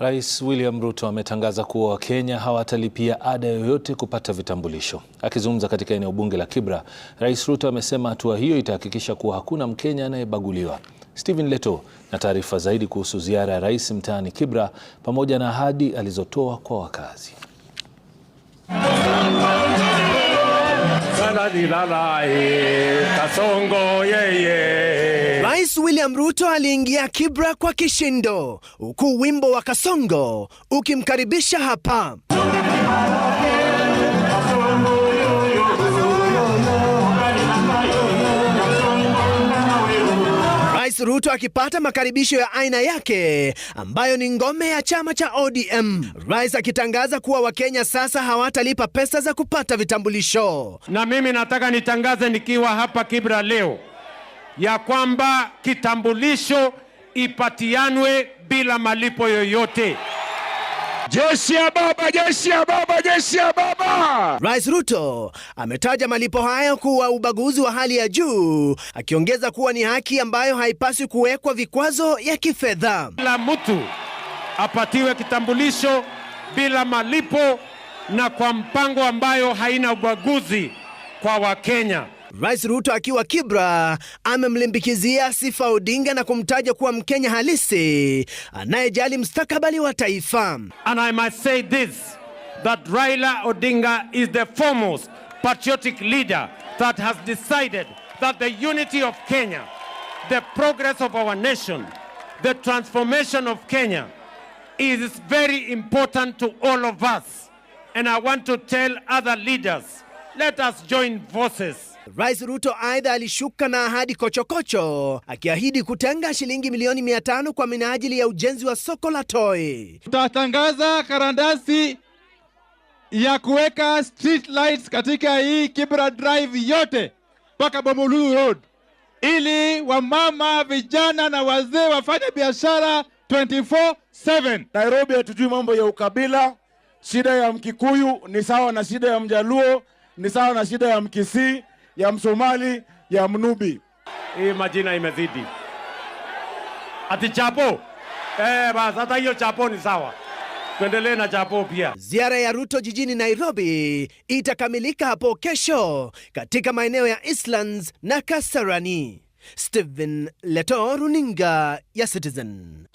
Rais William Ruto ametangaza kuwa Wakenya hawatalipia ada yoyote kupata vitambulisho. Akizungumza katika eneo bunge la Kibra, Rais Ruto amesema hatua hiyo itahakikisha kuwa hakuna Mkenya anayebaguliwa. Stephen Leto na taarifa zaidi kuhusu ziara ya rais mtaani Kibra pamoja na ahadi alizotoa kwa wakazi. William Ruto aliingia Kibra kwa kishindo, huku wimbo wa Kasongo ukimkaribisha hapa. Rais Ruto akipata makaribisho ya aina yake ambayo ni ngome ya chama cha ODM. Rais akitangaza kuwa Wakenya sasa hawatalipa pesa za kupata vitambulisho. Na mimi nataka nitangaze nikiwa hapa Kibra leo ya kwamba kitambulisho ipatianwe bila malipo yoyote. Jeshi ya baba, jeshi ya baba, jeshi ya baba. Rais Ruto ametaja malipo hayo kuwa ubaguzi wa hali ya juu, akiongeza kuwa ni haki ambayo haipaswi kuwekwa vikwazo ya kifedha. Kila mtu apatiwe kitambulisho bila malipo na kwa mpango ambayo haina ubaguzi kwa Wakenya. Rais Ruto akiwa Kibra amemlimbikizia sifa Odinga na kumtaja kuwa Mkenya halisi anayejali mstakabali wa taifa. And I must say this that Raila Odinga is the foremost patriotic leader that has decided that the unity of Kenya, the progress of our nation, the transformation of Kenya is very important to all of us. And I want to tell other leaders, let us join forces Rais Ruto aidha alishuka na ahadi kochokocho, akiahidi kutenga shilingi milioni mia tano kwa minajili ya ujenzi wa soko la Toi. Tutatangaza karandasi ya kuweka street lights katika hii Kibra Drive yote mpaka Bomolulu Road ili wamama, vijana na wazee wafanye biashara 24/7. Nairobi hatujui mambo ya ukabila. Shida ya Mkikuyu ni sawa na shida ya Mjaluo, ni sawa na shida ya Mkisii ya Msomali, ya Mnubi. Hii majina imezidi. Ati chapo eh, basi hata hiyo chapo ni sawa. Tuendelee na chapo pia. Ziara ya Ruto jijini Nairobi itakamilika hapo kesho katika maeneo ya Eastlands na Kasarani. Stephen Leto, runinga ya Citizen.